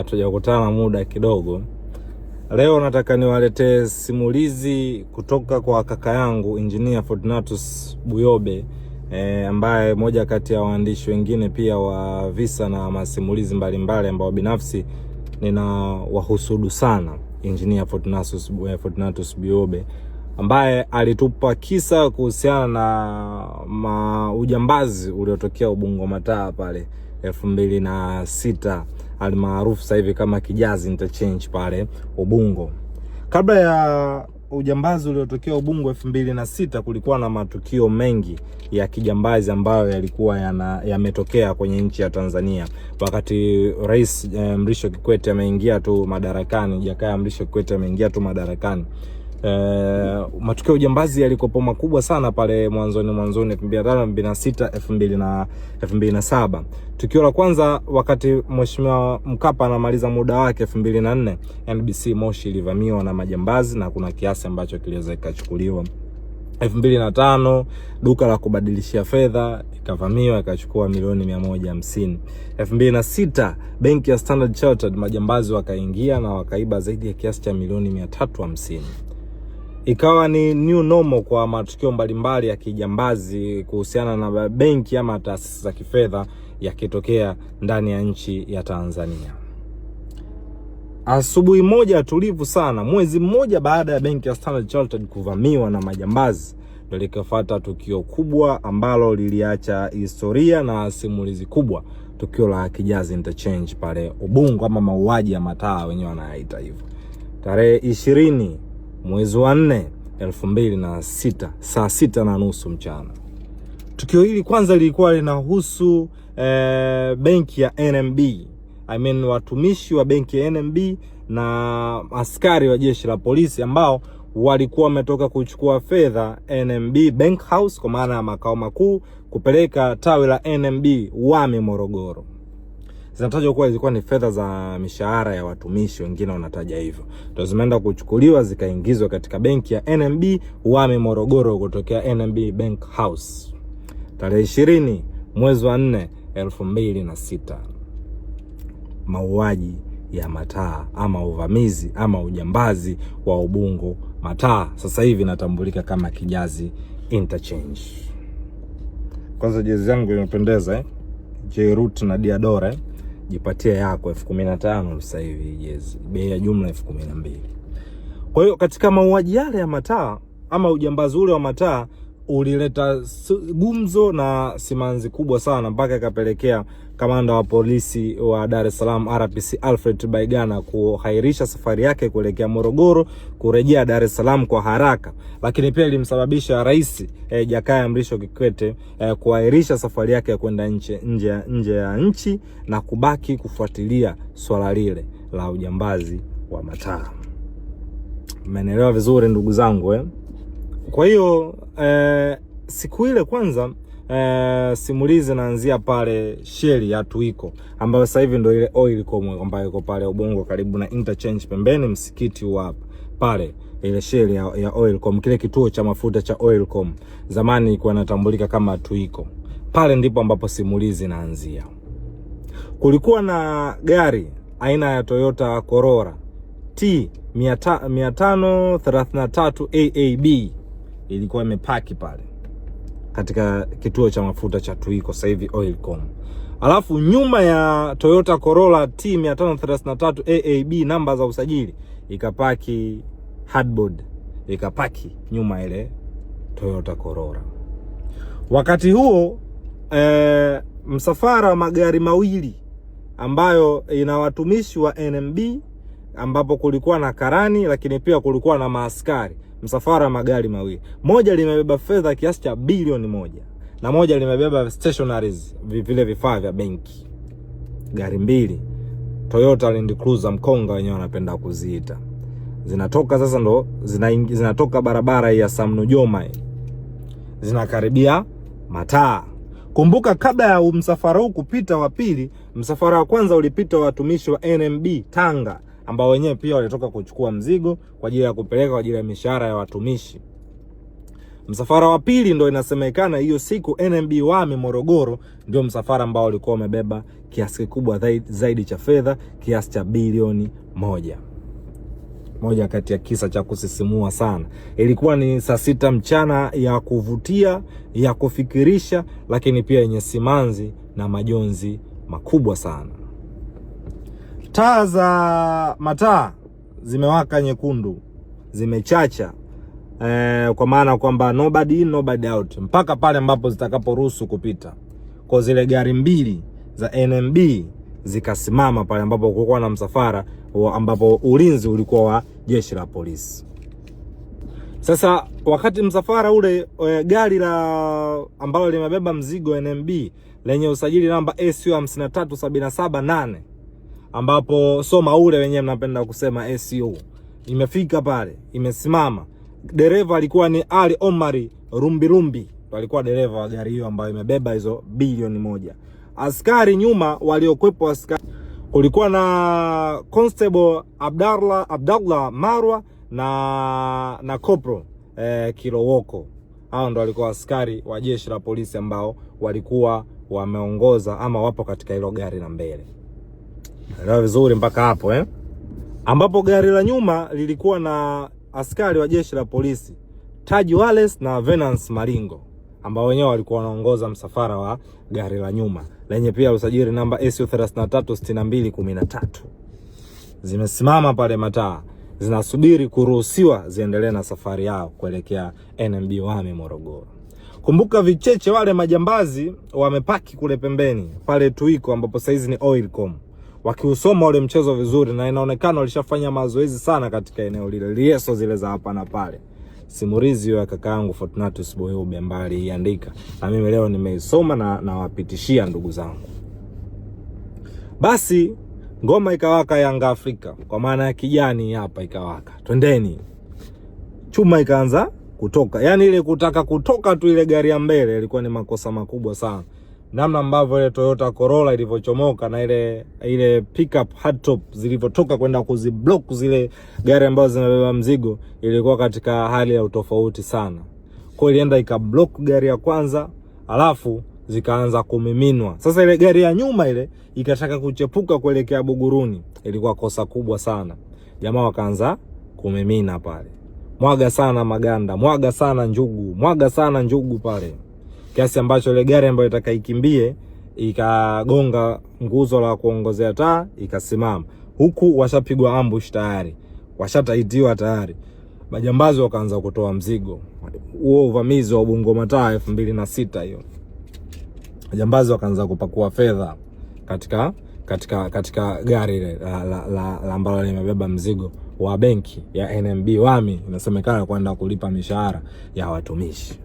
hatujakutana muda kidogo. Leo nataka niwaletee simulizi kutoka kwa kaka yangu Engineer Fortunatus Buyobe e, ambaye moja kati ya waandishi wengine pia wa visa na masimulizi mbalimbali ambao binafsi nina wahusudu sana. Engineer Fortunatus, eh, Fortunatus Buyobe ambaye alitupa kisa kuhusiana na ujambazi uliotokea Ubungo Mataa pale elfu mbili na sita almaarufu sasa hivi kama Kijazi interchange pale Ubungo. Kabla ya ujambazi uliotokea Ubungo elfu mbili na sita kulikuwa na matukio mengi ya kijambazi ambayo yalikuwa yametokea ya kwenye nchi ya Tanzania. Wakati Rais eh, Mrisho Kikwete ameingia tu madarakani, Jakaya Mrisho Kikwete ameingia tu madarakani Uh, matukio ya ujambazi yalikopo makubwa sana pale mwanzoni mwanzoni 2005, 2006, 2000 na 2007. Tukio la kwanza wakati Mheshimiwa Mkapa anamaliza muda wake 2004, NBC Moshi ilivamiwa na majambazi na kuna kiasi ambacho kiliweza kikachukuliwa. 2005 duka la kubadilishia fedha ikavamiwa ikachukua milioni 150. 2006 benki ya Standard Chartered majambazi wakaingia na wakaiba zaidi ya kiasi cha milioni 350 ikawa ni new normal kwa matukio mbalimbali ya kijambazi kuhusiana na benki ama taasisi za kifedha yakitokea ndani ya nchi ya Tanzania. Asubuhi moja tulivu sana, mwezi mmoja baada ya benki ya Standard Chartered kuvamiwa na majambazi, ndio likafuata tukio kubwa ambalo liliacha historia na simulizi kubwa, tukio la Kijazi Interchange pale Ubungo, ama mauaji ya mataa wenyewe wanayaita hivyo, tarehe ishirini mwezi wa nne elfu mbili na sita saa sita na nusu mchana. Tukio hili kwanza lilikuwa linahusu eh, benki ya NMB I mean, watumishi wa benki ya NMB na askari wa jeshi la polisi ambao walikuwa wametoka kuchukua fedha NMB Bank House kwa maana ya makao makuu kupeleka tawi la NMB Wami Morogoro zinatajwa kuwa zilikuwa ni fedha za mishahara ya watumishi, wengine wanataja hivyo, ndio zimeenda kuchukuliwa zikaingizwa katika benki ya NMB Wame Morogoro, kutokea NMB Bank House tarehe 20 mwezi wa 4 2006. Mauaji ya Mataa ama uvamizi ama ujambazi wa Ubungo Mataa, sasa hivi inatambulika kama Kijazi Interchange. Kwanza jezi yangu imependeza eh? J na Diadora eh? jipatia yako elfu kumi na tano sasa hivi jezi, Bei ya jumla elfu kumi na mbili. Kwa hiyo katika mauaji yale ya mataa ama ujambazi ule wa mataa ulileta gumzo na simanzi kubwa sana mpaka ikapelekea kamanda wa polisi wa Dar es Salaam RPC Alfred Baigana kuhairisha safari yake kuelekea Morogoro kurejea Dar es Salaam kwa haraka, lakini pia ilimsababisha Rais e, Jakaya Mrisho Kikwete e, kuahirisha safari yake ya kwenda nje nje nje ya nchi na kubaki kufuatilia swala lile la ujambazi wa mataa. Mmenielewa vizuri ndugu zangu eh? Kwa hiyo eh, siku ile kwanza e, simulizi naanzia pale sheli ya Tuiko ambayo sasa hivi ndio ile oil comwe ambayo iko pale Ubungo karibu na interchange pembeni msikiti wa pale ile sheli ya, ya Oilcom, kile kituo cha mafuta cha Oilcom zamani ilikuwa inatambulika kama Tuiko. Pale ndipo ambapo simulizi naanzia. Kulikuwa na gari aina ya Toyota Corolla T 533 AAB ilikuwa imepaki pale katika kituo cha mafuta cha Tuiko sasa hivi Oilcom. Alafu nyuma ya Toyota Corolla T 533 AAB namba za usajili ikapaki hardboard, ikapaki nyuma ile Toyota Corolla. Wakati huo e, msafara wa magari mawili ambayo ina watumishi wa NMB ambapo kulikuwa na karani, lakini pia kulikuwa na maaskari msafara wa magari mawili, moja limebeba fedha kiasi cha bilioni moja na moja limebeba stationaries, vile vifaa vya benki. Gari mbili Toyota Land Cruiser mkonga wenyewe wanapenda kuziita, zinatoka sasa, ndo zinaingi, zinatoka barabara ya Samnujoma, zinakaribia mataa. Kumbuka, kabla ya msafara huu kupita wa pili, msafara wa kwanza ulipita watumishi wa NMB Tanga ambao wenyewe pia walitoka kuchukua mzigo kwa ajili ya kupeleka kwa ajili ya mishahara ya watumishi. Msafara wa pili ndio inasemekana hiyo siku NMB Wami Morogoro ndio msafara ambao ulikuwa umebeba kiasi kikubwa zaidi cha fedha, kiasi cha bilioni moja. Moja kati ya kisa cha kusisimua sana. Ilikuwa ni saa sita mchana ya kuvutia, ya kufikirisha, lakini pia yenye simanzi na majonzi makubwa sana taa za mataa zimewaka nyekundu, zimechacha eh, kwa maana kwamba nobody in nobody out mpaka pale ambapo zitakaporuhusu kupita. Kwa zile gari mbili za NMB zikasimama pale ambapo kulikuwa na msafara ambapo ulinzi ulikuwa wa jeshi la polisi. Sasa wakati msafara ule e, gari la ambalo limebeba mzigo NMB lenye usajili namba SU 53778 ambapo so maule wenyewe mnapenda kusema SU imefika pale, imesimama. Dereva alikuwa ni Ali Omari Rumbilumbi, alikuwa dereva wa gari hiyo ambayo imebeba hizo bilioni moja. Askari nyuma waliokwepo, askari kulikuwa na Constable Abdallah Abdallah Marwa na na Kopro eh, Kilowoko. Hao ndo walikuwa askari wa jeshi la polisi ambao walikuwa wameongoza ama wapo katika hilo gari la mbele. Elewa vizuri mpaka hapo eh? Ambapo gari la nyuma lilikuwa na askari wa jeshi la polisi Taj Wallace na Venance Maringo ambao wenyewe walikuwa wanaongoza msafara wa gari la nyuma lenye pia usajili namba SU 336213 zimesimama pale mataa zinasubiri kuruhusiwa ziendelee na safari yao kuelekea NMB Wami Morogoro. Kumbuka vicheche wale majambazi wamepaki kule pembeni pale Tuiko ambapo saizi ni Oilcom wakiusoma ule mchezo vizuri, na inaonekana walishafanya mazoezi sana katika eneo lile, lieso zile za hapa na pale. Simulizi hiyo ya kaka yangu Fortunatus Boyobe ambaye aliandika na mimi leo nimeisoma na nawapitishia ndugu zangu. Basi ngoma ikawaka Yanga Afrika, kwa maana ya kijani hapa ikawaka, twendeni. Chuma ikaanza kutoka, yaani ile kutaka kutoka tu ile gari ya mbele ilikuwa ni makosa makubwa sana namna ambavyo ile Toyota Corolla ilivyochomoka na ile ile pickup hardtop zilivyotoka kwenda kuziblock zile gari ambazo zinabeba mzigo, ilikuwa katika hali ya utofauti sana. Kwa hiyo ilienda ikablock gari ya kwanza, alafu zikaanza kumiminwa. Sasa ile gari ya nyuma ile ikataka kuchepuka kuelekea Buguruni, ilikuwa kosa kubwa sana. Jamaa wakaanza kumimina pale, mwaga sana maganda, mwaga sana njugu, mwaga sana njugu pale kiasi ambacho ile gari ambayo itaka ikimbie ikagonga nguzo la kuongozea taa ikasimama, huku washapigwa ambush tayari, washataitiwa tayari. Majambazi wakaanza kutoa mzigo. Huo uvamizi wa Bungoma Mataa elfu mbili na sita hiyo, majambazi wakaanza kupakua fedha katika katika katika gari la, la, la, ambalo limebeba mzigo wa benki ya NMB Wami, inasemekana kwenda kulipa mishahara ya watumishi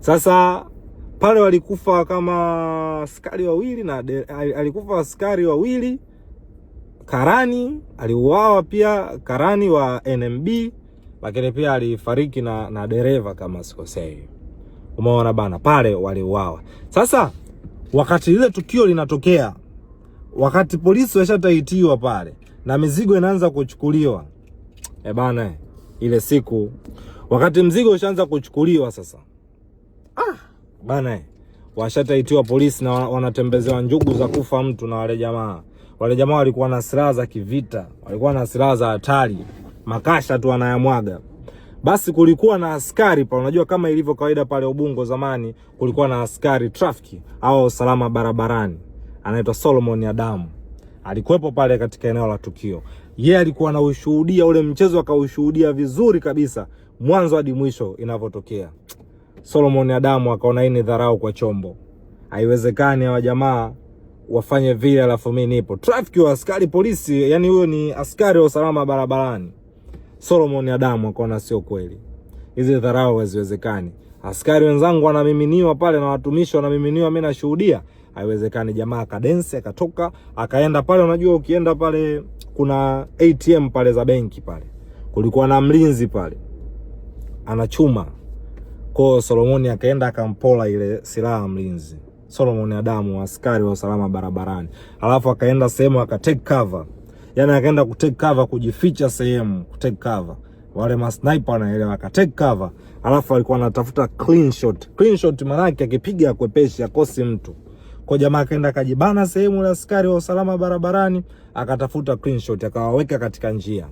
sasa pale walikufa kama askari wawili na de, alikufa askari wawili karani aliuawa pia karani wa NMB, lakini pia alifariki na, na dereva kama sikosei. Umeona bana, pale waliuawa. Sasa wakati lile tukio linatokea, wakati polisi washataitiwa pale na mizigo inaanza kuchukuliwa e bana, ile siku wakati mzigo ushaanza kuchukuliwa sasa ah bana, washataitiwa polisi na wanatembezewa njugu za kufa mtu na wale jamaa. Wale jamaa walikuwa na silaha za kivita, walikuwa na silaha za hatari, makasha tu wanayamwaga. Basi kulikuwa na askari pale, unajua kama ilivyo kawaida pale Ubungo zamani, kulikuwa na askari trafiki au usalama barabarani, anaitwa Solomon Adamu alikuwepo pale katika eneo la tukio. Yeye alikuwa anaushuhudia ule mchezo, akaushuhudia vizuri kabisa mwanzo hadi mwisho inavyotokea. Solomon Adamu akaona hii ni dharau kwa chombo, haiwezekani hawa jamaa wafanye vile, alafu mimi nipo Traffic wa askari polisi, yani huyo ni askari wa usalama barabarani. Solomon Adamu akaona sio kweli, hizi dharau haziwezekani, askari wenzangu wanamiminiwa pale na watumishi wanamiminiwa, mimi nashuhudia, haiwezekani. Jamaa akadensi akatoka akaenda pale, unajua ukienda pale kuna ATM pale za benki pale, kulikuwa na mlinzi pale anachuma kwa Solomoni akaenda akampola ile silaha mlinzi Solomoni Adamu, askari wa usalama barabarani, alafu akaenda sehemu akatake cover, yani akaenda kutake cover, kujificha sehemu kutake cover. Wale ma sniper wanaelewa, aka take cover, alafu alikuwa anatafuta clean shot. Clean shot maana yake akipiga akwepeshi, akosi mtu kwa jamaa akaenda akajibana sehemu la askari wa usalama barabarani, akatafuta clean shot, akawaweka katika njia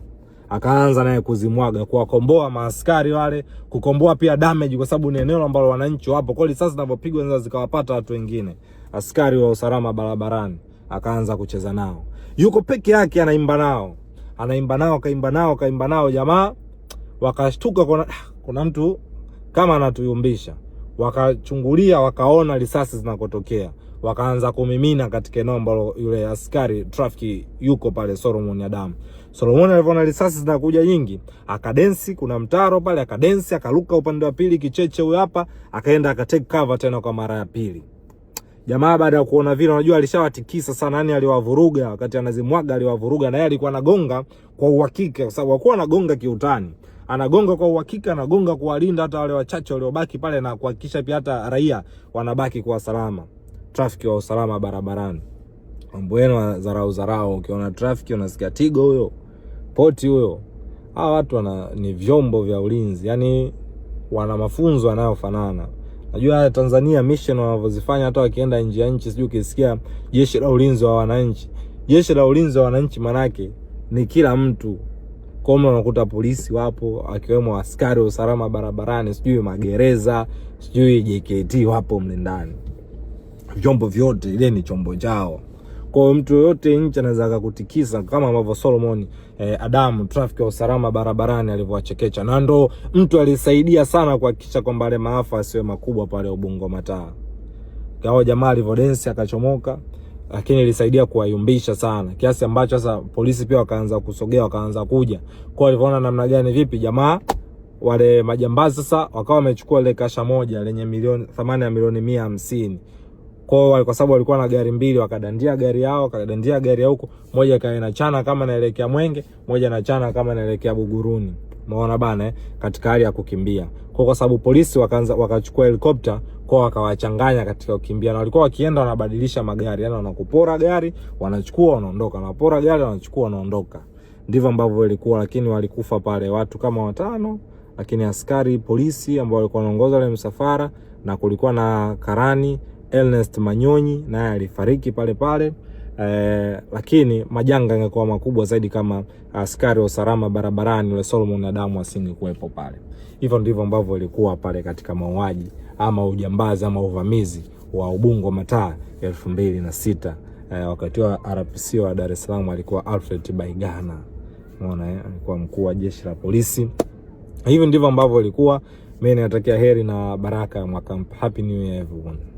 akaanza naye kuzimwaga, kuwakomboa maaskari wale, kukomboa pia damage, kwa sababu ni eneo ambalo wananchi wapo, kwa hiyo sasa zinapopigwa zinaweza zikawapata watu wengine, askari wa usalama barabarani. Akaanza kucheza nao, yuko peke yake, anaimba nao, anaimba nao, kaimba nao, kaimba nao, jamaa wakashtuka, kuna, ah, kuna mtu kama anatuyumbisha, wakachungulia, wakaona risasi zinakotokea wakaanza kumimina katika eneo ambalo yule askari trafiki yuko pale Solomon Adamu. Solomon alivyoona risasi zinakuja nyingi, akadensi, kuna mtaro pale, akadensi, akaruka upande wa pili, kicheche huyo hapa, akaenda akatake cover tena kwa mara ya pili. Jamaa baada ya kuona vile, unajua alishawatikisa sana, yani aliwavuruga wakati anazimwaga, aliwavuruga na yeye alikuwa anagonga kwa uhakika, kwa sababu alikuwa anagonga kiutani anagonga kwa uhakika, anagonga kuwalinda hata wale wachache waliobaki pale na kuhakikisha pia hata raia wanabaki kwa salama trafiki wa usalama barabarani. Mambo yenu zarau dharau, ukiona trafiki unasikia tigo huyo, poti huyo. Hawa watu wana ni vyombo vya ulinzi, yani wana mafunzo yanayofanana. Najua Tanzania mission wanavyozifanya, hata wakienda nje ya nchi, sijui ukisikia jeshi la ulinzi wa wananchi. Jeshi la ulinzi wa wananchi manake ni kila mtu kama unakuta polisi wapo, akiwemo askari wa usalama barabarani, sijui magereza, sijui JKT wapo mle ndani vyombo vyote, ile ni chombo chao. Kwa hiyo mtu yoyote nje anaweza akakutikisa kama ambavyo Solomon eh, Adamu trafiki wa usalama barabarani alivyowachekecha, na ndo mtu alisaidia sana kuhakikisha kwamba yale maafa asiwe makubwa pale Ubungo Mataa. Kao jamaa alivyodensi akachomoka, lakini ilisaidia kuwayumbisha sana kiasi ambacho sasa polisi pia wakaanza kusogea, wakaanza kuja kwa, walivyoona namna gani, vipi jamaa wale majambazi sasa wakawa wamechukua ile kasha moja lenye milioni thamani ya milioni mia hamsini kwa kwa sababu walikuwa na gari mbili, wakadandia gari yao, wakadandia gari ya huko, moja ikawa inachana kama naelekea Mwenge, moja inachana kama naelekea Buguruni. Umeona bana eh, katika hali ya kukimbia. Kwa kwa sababu polisi wakaanza wakachukua helikopta kwa wakawachanganya katika kukimbia, na walikuwa wakienda wanabadilisha magari, yani wanakupora gari, wanachukua wanaondoka, wanapora gari, wanachukua wanaondoka. Ndivyo ambavyo ilikuwa, lakini walikufa pale watu kama watano, lakini askari polisi ambao walikuwa wanaongoza ile msafara na kulikuwa na karani Ernest Manyonyi naye alifariki pale pale. Eh, lakini majanga yangekuwa makubwa zaidi kama ah, askari wa usalama barabarani yule Solomon Adamu asingekuwepo pale. Hivyo ndivyo ambavyo ilikuwa pale katika mauaji ama ujambazi ama uvamizi wa Ubungo Mataa elfu mbili na sita. Eh, wakati wa RPC wa Dar es Salaam alikuwa Alfred Baigana. Unaona, eh, alikuwa mkuu wa jeshi la polisi. Hivyo ndivyo ambavyo ilikuwa. Mimi natakia heri na baraka mwaka. Happy New Year everyone.